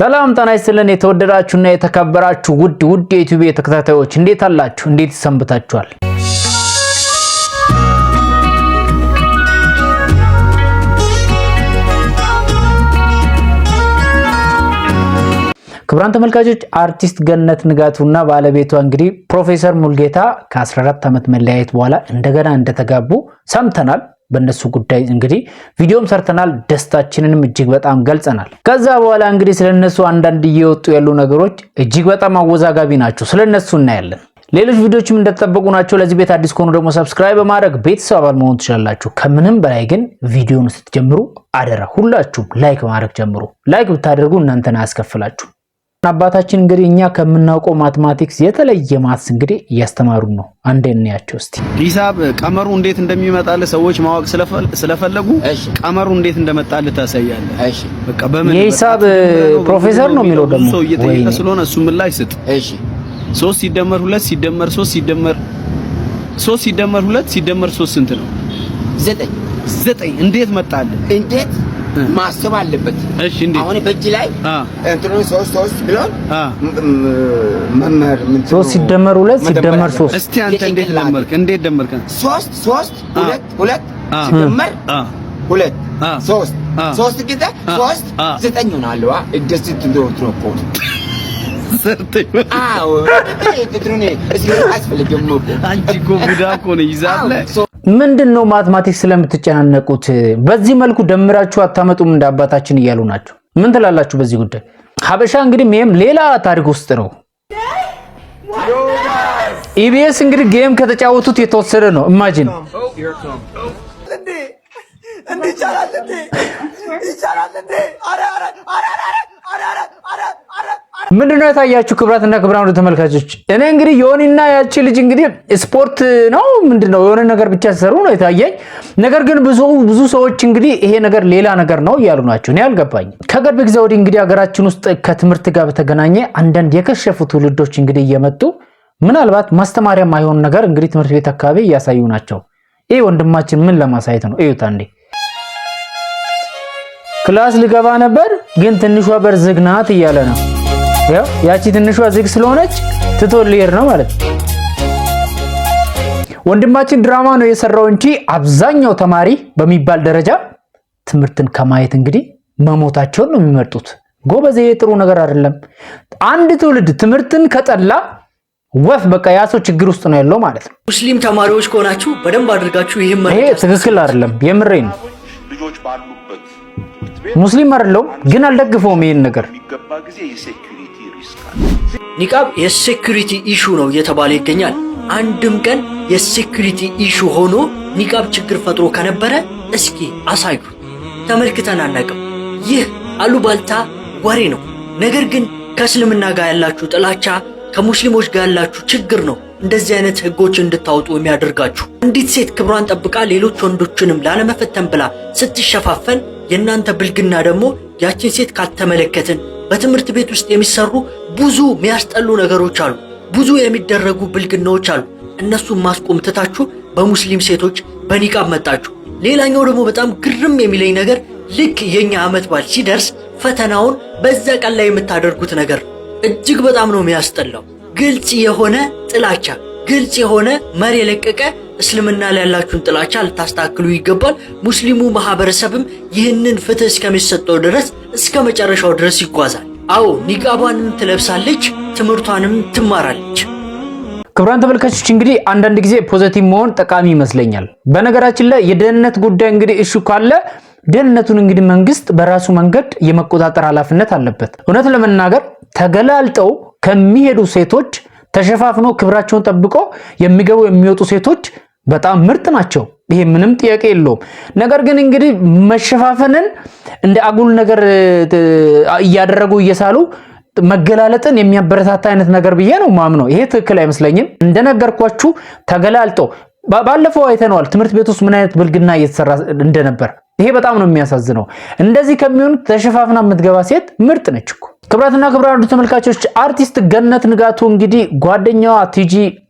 ሰላም ጤና ይስጥልን። የተወደዳችሁና የተከበራችሁ ውድ ውድ የዩቲዩብ ተከታታዮች እንዴት አላችሁ? እንዴት ይሰንብታችኋል? ክቡራን ተመልካቾች አርቲስት ገነት ንጋቱና ባለቤቷ እንግዲህ ፕሮፌሰር ሙልጌታ ከ14 ዓመት መለያየት በኋላ እንደገና እንደተጋቡ ሰምተናል። በእነሱ ጉዳይ እንግዲህ ቪዲዮም ሰርተናል፣ ደስታችንንም እጅግ በጣም ገልጸናል። ከዛ በኋላ እንግዲህ ስለነሱ አንዳንድ እየወጡ ያሉ ነገሮች እጅግ በጣም አወዛጋቢ ናቸው። ስለነሱ እናያለን። ሌሎች ቪዲዮዎችም እንደተጠበቁ ናቸው። ለዚህ ቤት አዲስ ከሆኑ ደግሞ ሰብስክራይብ በማድረግ ቤተሰብ አባል መሆን ትችላላችሁ። ከምንም በላይ ግን ቪዲዮን ስትጀምሩ አደራ ሁላችሁም ላይክ ማድረግ ጀምሩ። ላይክ ብታደርጉ እናንተን አያስከፍላችሁ። አባታችን እንግዲህ እኛ ከምናውቀው ማትማቲክስ የተለየ ማስ እንግዲህ እያስተማሩ ነው። አንዴ እናያቸው እስቲ። ሂሳብ ቀመሩ እንዴት እንደሚመጣልህ ሰዎች ማወቅ ስለፈለጉ ቀመሩ እንዴት እንደመጣልህ ታሳያለህ። የሂሳብ ፕሮፌሰር ነው የሚለው ደግሞ ሰው እየጠየቀ ስለሆነ እሱ ምላሽ ስጥ። ሶስት ሲደመር ሁለት ሲደመር ሶስት ሲደመር ሶስት ሲደመር ሁለት ሲደመር ሶስት ስንት ነው? ዘጠኝ። ዘጠኝ እንዴት መጣልህ? እንዴት ማሰብ አለበት። እሺ እንዴ አሁን በእጅ ላይ እንትኑ 3 3 ብሎን መመር ምን ሶስት ሲደመር ሁለት ሲደመር 3 እስቲ አንተ እንዴት ደመርክ? እንዴት ደመርክ? 3 3 ሁለት ሁለት ሲደመር ሁለት 3 3 ጊዜ ሶስት ዘጠኝ ሆናሉ። እደስት እንደወትሮ እኮ አዎ፣ ትትሩኔ እስኪ አስፈልግም እኮ አንቺ እኮ ቡዳ እኮ ይዛለ ምንድን ነው ማትማቲክስ ስለምትጨናነቁት በዚህ መልኩ ደምራችሁ አታመጡም እንደ አባታችን እያሉ ናቸው። ምን ትላላችሁ በዚህ ጉዳይ? ሀበሻ እንግዲህ ይህም ሌላ ታሪክ ውስጥ ነው። ኢቢኤስ እንግዲህ ጌም ከተጫወቱት የተወሰደ ነው። ኢማጂን ይቻላል ምንድነው የታያችሁ? ክብራትና ክብራን ተመልካቾች፣ እኔ እንግዲህ ዮኒና ያቺ ልጅ እንግዲህ ስፖርት ነው ምንድነው የሆነ ነገር ብቻ ሲሰሩ ነው የታየኝ። ነገር ግን ብዙ ብዙ ሰዎች እንግዲህ ይሄ ነገር ሌላ ነገር ነው እያሉ ናቸው። እኔ አልገባኝም። ከቅርብ ጊዜ ወዲህ እንግዲህ ሀገራችን ውስጥ ከትምህርት ጋር በተገናኘ አንዳንድ የከሸፉ ትውልዶች እንግዲህ እየመጡ ምናልባት ማስተማሪያ የማይሆን ነገር እንግዲህ ትምህርት ቤት አካባቢ እያሳዩ ናቸው። ይህ ወንድማችን ምን ለማሳየት ነው? እዩታ እንዴ ክላስ ሊገባ ነበር ግን ትንሿ በር ዝግ ናት እያለ ነው ያቺ ትንሿ ዝግ ስለሆነች ትቶ ሊሄድ ነው ማለት ነው። ወንድማችን ድራማ ነው የሰራው እንጂ አብዛኛው ተማሪ በሚባል ደረጃ ትምህርትን ከማየት እንግዲህ መሞታቸውን ነው የሚመርጡት። ጎበዝ፣ ይሄ ጥሩ ነገር አይደለም። አንድ ትውልድ ትምህርትን ከጠላ ወፍ በቃ ያ ችግር ውስጥ ነው ያለው ማለት ነው። ሙስሊም ተማሪዎች ከሆናችሁ በደንብ አድርጋችሁ ይሄ ትክክል አይደለም። የምሬ ነው። ሙስሊም አይደለሁም ግን አልደግፈውም ይሄን ነገር ኒቃብ የሴኩሪቲ ኢሹ ነው እየተባለ ይገኛል። አንድም ቀን የሴኩሪቲ ኢሹ ሆኖ ኒቃብ ችግር ፈጥሮ ከነበረ እስኪ አሳዩ። ተመልክተን አናቅም። ይህ አሉባልታ ወሬ ነው። ነገር ግን ከእስልምና ጋር ያላችሁ ጥላቻ ከሙስሊሞች ጋር ያላችሁ ችግር ነው እንደዚህ አይነት ህጎች እንድታወጡ የሚያደርጋችሁ። አንዲት ሴት ክብሯን ጠብቃ ሌሎች ወንዶችንም ላለመፈተን ብላ ስትሸፋፈን፣ የእናንተ ብልግና ደግሞ ያችን ሴት ካልተመለከትን በትምህርት ቤት ውስጥ የሚሰሩ ብዙ የሚያስጠሉ ነገሮች አሉ፣ ብዙ የሚደረጉ ብልግናዎች አሉ። እነሱን ማስቆም ትታችሁ በሙስሊም ሴቶች በኒቃብ መጣችሁ። ሌላኛው ደግሞ በጣም ግርም የሚለኝ ነገር ልክ የኛ ዓመት በዓል ሲደርስ ፈተናውን በዛ ቀን ላይ የምታደርጉት ነገር እጅግ በጣም ነው የሚያስጠላው። ግልጽ የሆነ ጥላቻ፣ ግልጽ የሆነ መር የለቀቀ እስልምና ላይ ያላችሁን ጥላቻ ልታስተካክሉ ይገባል። ሙስሊሙ ማህበረሰብም ይህንን ፍትህ እስከሚሰጠው ድረስ እስከ መጨረሻው ድረስ ይጓዛል። አዎ ኒቃቧንም ትለብሳለች፣ ትምህርቷንም ትማራለች። ክቡራን ተመልካቾች እንግዲህ አንዳንድ ጊዜ ፖዘቲቭ መሆን ጠቃሚ ይመስለኛል። በነገራችን ላይ የደህንነት ጉዳይ እንግዲህ እሹ ካለ ደህንነቱን እንግዲህ መንግስት በራሱ መንገድ የመቆጣጠር ኃላፊነት አለበት። እውነት ለመናገር ተገላልጠው ከሚሄዱ ሴቶች ተሸፋፍኖ ክብራቸውን ጠብቆ የሚገቡ የሚወጡ ሴቶች በጣም ምርጥ ናቸው። ይሄ ምንም ጥያቄ የለውም። ነገር ግን እንግዲህ መሸፋፈንን እንደ አጉል ነገር እያደረጉ እየሳሉ መገላለጥን የሚያበረታታ አይነት ነገር ብዬ ነው ማምነው። ይሄ ትክክል አይመስለኝም። እንደነገርኳችሁ ተገላልጦ ባለፈው አይተነዋል፣ ትምህርት ቤት ውስጥ ምን አይነት ብልግና እየተሰራ እንደነበር። ይሄ በጣም ነው የሚያሳዝነው። እንደዚህ ከሚሆን ተሸፋፍና የምትገባ ሴት ምርጥ ነች እኮ። ክብራትና ክብራ ተመልካቾች አርቲስት ገነት ንጋቱ እንግዲህ ጓደኛዋ ቲጂ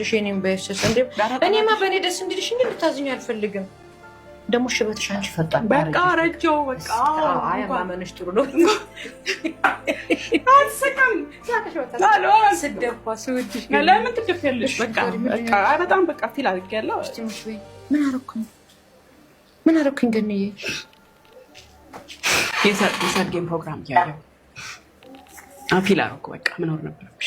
ልሽ የኔም በስስ እኔማ በእኔ ደስ እንዲልሽ እንዲ ልታዝኝ አልፈልግም። ደግሞ ሽበትሽ አንቺ ፈጣን በቃ ረጀው ጥሩ በጣም በቃ ፊል ምን አደረኩኝ? ምን አደረኩኝ? ገንዬ የሰርጌን ፕሮግራም እያለሁ ፊል አደረኩ። በቃ ምኖር ነበረብሽ?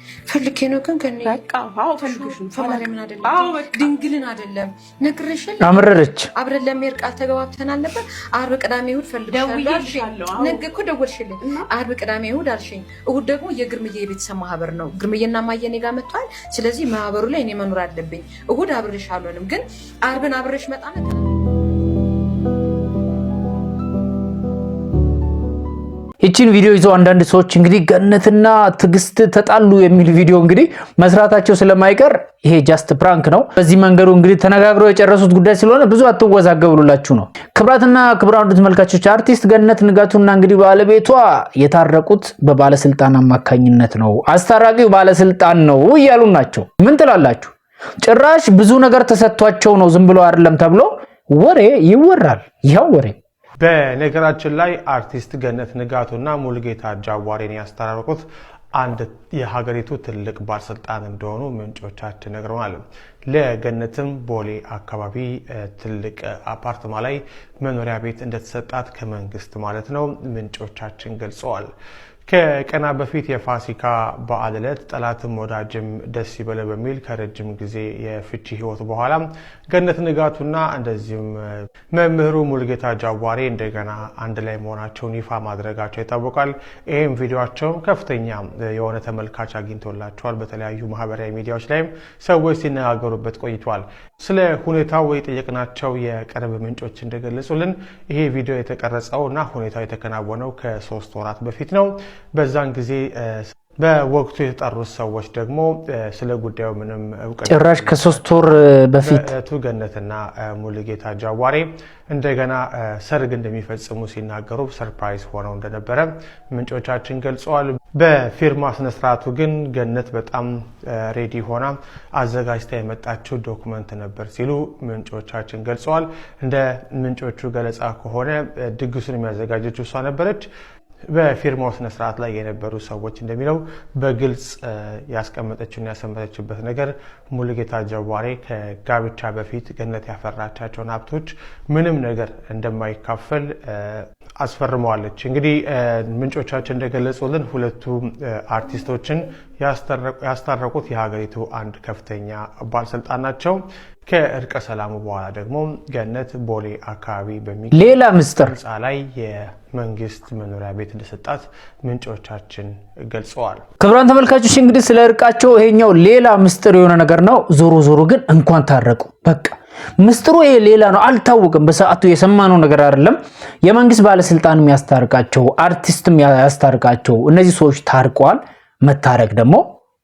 ፈልኬ ነው ግን ድንግልን አይደለም ነግርሽል። አምረረች አብረን ለመሄድ ቃል ተገባብተናል ነበር። አርብ ቅዳሜ እሑድ ፈልግ እኮ ደወልሽልኝ። አርብ ቅዳሜ እሑድ አልሽኝ። እሑድ ደግሞ የግርምዬ የቤተሰብ ማህበር ነው። ግርምዬና ማየ እኔ ጋር መጥቷል። ስለዚህ ማህበሩ ላይ እኔ መኖር አለብኝ። እሑድ አብሬሽ አልሆንም፣ ግን አርብን አብሬሽ መጣ ይችን ቪዲዮ ይዘው አንዳንድ ሰዎች እንግዲህ ገነትና ትዕግስት ተጣሉ የሚል ቪዲዮ እንግዲህ መስራታቸው ስለማይቀር ይሄ ጃስት ፕራንክ ነው። በዚህ መንገዱ እንግዲህ ተነጋግረው የጨረሱት ጉዳይ ስለሆነ ብዙ አትወዛገብሉላችሁ ነው። ክብራትና ክብራን ውድ ተመልካቾች አርቲስት ገነት ንጋቱና እንግዲህ ባለቤቷ የታረቁት በባለስልጣን አማካኝነት ነው፣ አስታራቂው ባለስልጣን ነው እያሉ ናቸው። ምን ትላላችሁ? ጭራሽ ብዙ ነገር ተሰጥቷቸው ነው ዝም ብሎ አይደለም ተብሎ ወሬ ይወራል። ይኸው ወሬ በነገራችን ላይ አርቲስት ገነት ንጋቱና ሙልጌታ ጃዋሬን ያስተራረቁት አንድ የሀገሪቱ ትልቅ ባለስልጣን እንደሆኑ ምንጮቻችን ነግረውናል። ለገነትም ቦሌ አካባቢ ትልቅ አፓርትማ ላይ መኖሪያ ቤት እንደተሰጣት ከመንግስት ማለት ነው ምንጮቻችን ገልጸዋል። ከቀና በፊት የፋሲካ በዓል ዕለት ጠላትም ወዳጅም ደስ ይበለ በሚል ከረጅም ጊዜ የፍቺ ህይወት በኋላ ገነት ንጋቱና እንደዚሁም መምህሩ ሙልጌታ ጃዋሬ እንደገና አንድ ላይ መሆናቸውን ይፋ ማድረጋቸው ይታወቃል። ይህም ቪዲዮቸውም ከፍተኛ የሆነ ተመልካች አግኝቶላቸዋል። በተለያዩ ማህበራዊ ሚዲያዎች ላይም ሰዎች ሲነጋገሩበት ቆይቷል። ስለ ሁኔታው የጠየቅናቸው የቅርብ ምንጮች እንደገለጹልን ይሄ ቪዲዮ የተቀረጸው እና ሁኔታው የተከናወነው ከሶስት ወራት በፊት ነው። በዛን ጊዜ በወቅቱ የተጠሩት ሰዎች ደግሞ ስለ ጉዳዩ ምንም እውቅና ጭራሽ ከሶስት ወር በፊት እህቱ ገነትና ሙሉጌታ ጃዋሬ እንደገና ሰርግ እንደሚፈጽሙ ሲናገሩ ሰርፕራይዝ ሆነው እንደነበረ ምንጮቻችን ገልጸዋል። በፊርማ ስነስርዓቱ ግን ገነት በጣም ሬዲ ሆና አዘጋጅታ የመጣችው ዶክመንት ነበር ሲሉ ምንጮቻችን ገልጸዋል። እንደ ምንጮቹ ገለጻ ከሆነ ድግሱን የሚያዘጋጀችው እሷ ነበረች። በፊርማው ስነ ስርዓት ላይ የነበሩ ሰዎች እንደሚለው በግልጽ ያስቀመጠችውና ያሰመተችበት ነገር ሙሉጌታ ጀዋሬ ከጋብቻ በፊት ገነት ያፈራቻቸውን ሀብቶች ምንም ነገር እንደማይካፈል አስፈርመዋለች። እንግዲህ ምንጮቻችን እንደገለጹልን ሁለቱ አርቲስቶችን ያስታረቁት የሀገሪቱ አንድ ከፍተኛ ባለስልጣን ናቸው። ከእርቀ ሰላሙ በኋላ ደግሞ ገነት ቦሌ አካባቢ በሚ ሌላ ምስጢር ህንፃ ላይ የመንግስት መኖሪያ ቤት እንደሰጣት ምንጮቻችን ገልጸዋል። ክቡራን ተመልካቾች እንግዲህ ስለ እርቃቸው ይሄኛው ሌላ ምስጢር የሆነ ነገር ነው። ዞሮ ዞሮ ግን እንኳን ታረቁ በቃ ምስጢሩ ይሄ ሌላ ነው፣ አልታወቅም። በሰዓቱ የሰማነው ነገር አይደለም። የመንግስት ባለስልጣንም ያስታርቃቸው፣ አርቲስትም ያስታርቃቸው። እነዚህ ሰዎች ታርቀዋል። መታረቅ ደግሞ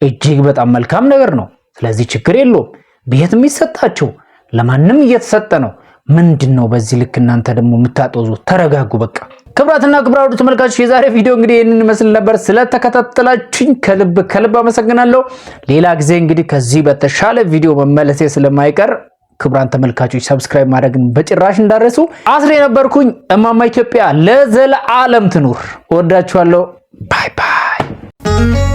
እጅግ በጣም መልካም ነገር ነው። ስለዚህ ችግር የለውም። ቤት የሚሰጣቸው ለማንም እየተሰጠ ነው። ምንድን ነው በዚህ ልክ እናንተ ደግሞ የምታጦዙ? ተረጋጉ በቃ። ክብራትና ክብራዱ ተመልካቾች የዛሬ ቪዲዮ እንግዲህ ይህንን ይመስል ነበር። ስለተከታተላችሁኝ ከልብ ከልብ አመሰግናለሁ። ሌላ ጊዜ እንግዲህ ከዚህ በተሻለ ቪዲዮ መመለሴ ስለማይቀር ክብራን ተመልካቾች ሰብስክራይብ ማድረግን በጭራሽ እንዳረሱ። አስሬ የነበርኩኝ እማማ ኢትዮጵያ ለዘለዓለም ትኑር። ወዳችኋለሁ። ባይ ባይ